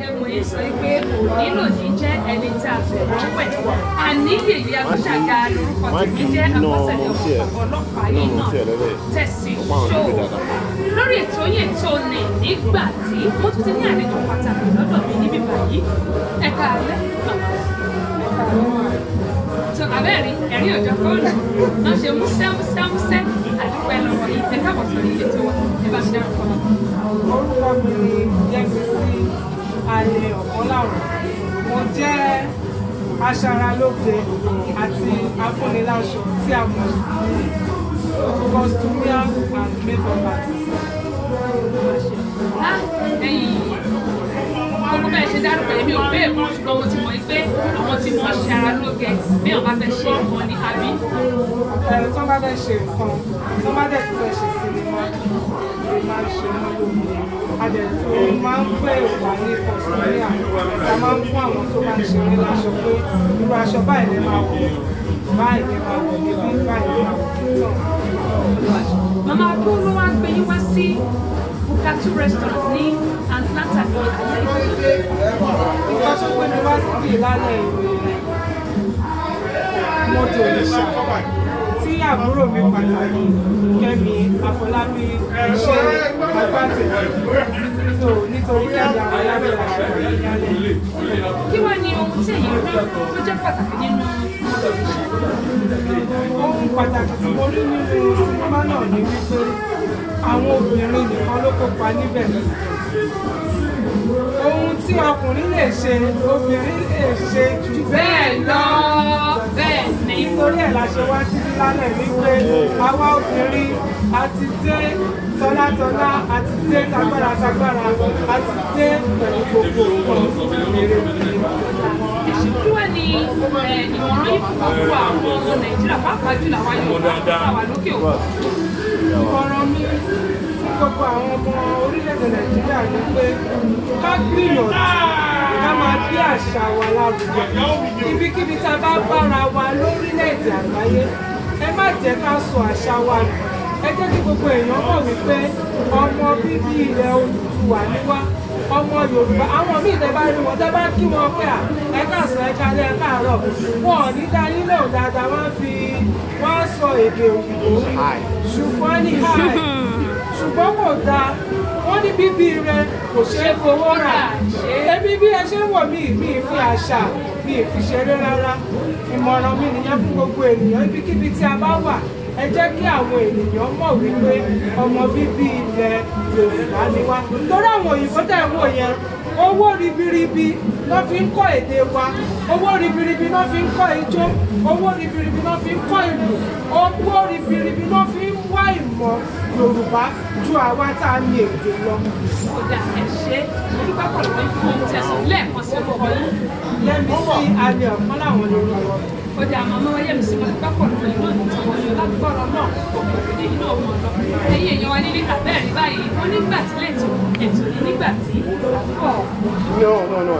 gẹ́gẹ́ mo yé sọ pé nínú yìí jẹ́ ẹni tí a fẹ̀rọ̀ pẹ̀ àníyèyí agbóṣàgà lórúkọ tèmi jẹ́ akọ́ṣẹ́lẹ̀ ọlọ́pàá yìí náà tẹ̀sí ṣó lórí ètò yìí tó ní nígbà tí mo tún ti ní àlejò pàtàkì lọ́dọ̀ mi níbi báyìí ẹ̀ka alẹ́ tó abẹ́rẹ́ ẹ̀rí òjò kọ́ọ̀lù náà ṣe múṣẹ́ múṣẹ́ múṣẹ́ àdúpẹ́ lọ́wọ́ yìí ẹ̀ka bọ̀ sórí ètò ìbáṣẹ́ àkọ́lọ́. orúkọ mi ni alẹ ọ̀kánláwọ̀n mo jẹ́ aṣaralóge àti afúniláṣọ tí a mọ̀ sí costumian and makeup artist. orúkọ ẹ̀ ṣe dárúkọ èmi ò bẹ́ẹ̀ mọ̀ ṣùgbọ́n mo ti mọ̀ pé àwọn tí wọ́n ṣe ara lóge bí wọ́n bá fẹ́ ṣe nǹkan ní àbí. ẹ tí wọ́n bá fẹ́ ṣe nǹkan tí wọ́n bá dẹ̀ tún fẹ́ ṣe sinimá ló máa ń ṣe mọ́ lómi adẹ̀tún máa ń pẹ́ wà nípa máa ń fún àwọn tó bá ń ṣeré láṣọ pé irú aṣọ báyìí lè máa wọ̀ báyìí lè máa wọ̀ níbí báyìí lè máa wọ̀ títàn. màmá ọdún ló wá gbé yín wá sí Bukatu restaurant ní Atlanta ní alẹ́ ìgbà tó gbé mi wá síbi ìlànà ìwé mọ́tò ìṣàkọ́bà àbúrò mi pàtàkì Kẹ́mi Afọlábí ṣe agbátẹ̀wé so nítorí Kẹ́mi Afọlábí àṣẹ ìyálẹ̀. kí wàá ní ohun tí èyí rẹ tó jẹ́ pàtàkì nínú ohun pàtàkì tí mo rí nínú sinimá náà ni wípé àwọn obìnrin nìkan ló kópa níbẹ̀ ohun tí ọkùnrin lè ṣe obìnrin lè ṣe jù bẹ́ẹ̀ lọ bẹ́ẹ̀ ni. nítorí ẹ̀ la ṣe wá síbí lálẹ́ wípé àwa obìnrin a ti dé tọ́látọ́lá a ti dé tagbára a ti dé pẹ̀lú gbogbo ọ̀rọ̀ ìṣíkúrò ni ìmọ̀ràn yìí àwọn ọmọ nàìjíríà pàápàá jùlọ àwọn yorùbá àwa lókè òkun. ìmọ̀ràn mi fún gbogbo àwọn ọmọ orílẹ̀-èdè nàìjíríà náà ni pé ká gbìyànjú ká máa gbé àṣà wa lárugẹ ibikíbi tá a bá bára wa lórílẹ̀‐èdè àgbáyé ẹ má jẹ́ ká sọ àṣà wa nù ẹ jẹ́ kí gbogbo èèyàn mọ̀ wípé ọmọ bíbí ilẹ̀ Odùduwà ni ọmọ yorùbá àwọn míì tẹ bá rí wọn tẹ bá kí wọn pé à ẹ káàsán ẹ kálẹ́ ẹ káàárọ̀ wọn ò ní dá yín lóhùn wọn fi wọn sọ èdè òyìnbó ṣùgbọ́n ní háì ṣùgbọ́n kò dáa wọ́n ní bíbí rẹ kò ṣeé fowó rà èmi bí ẹ ṣe ń wò mí mi fi àṣà mi fi ṣeré rárá ìmọ̀ràn mi nìyẹn fún gbogbo ènìyàn ibikíbi tí a bá wà ẹ jẹ́ kí àwọn ènìyàn mọ̀ wípé ọmọ bíbí ilẹ̀ Yorùbá ni wá torí àwọn òyìnbó tẹ̀ wò yẹn owó ribiribi ló fi ń kọ́ èdè wa owó ribiribi ló fi ń kọ́ ijó owó ribiribi ló fi ń kọ́ ìlú owó ribiribi ló fi ń wá ìmọ̀ Yorùbá ju àwa tá a ní èdè lọ. kódà ẹ ṣe nípa pẹ̀lú fún tẹ̀sán lẹ́ẹ̀kan sí ọkọ̀ yìí. lẹ́mi sí alẹ́ ọ̀kan láwọn lórí ọ̀rọ̀. kódà màmá wáyé mi sí mo nípa pẹ̀lú pẹ̀lú ìtọ́wọ́ yóò lágbọ́rọ̀ náà òkèkèrè yìí náà mọ̀ lọ. ẹ̀yin èèyàn wa nílé tàbẹ́ẹ̀rí báyìí wọ́n nígbà tí lẹ́tọ̀ ètò ní nígbà tí àbúrò. no no no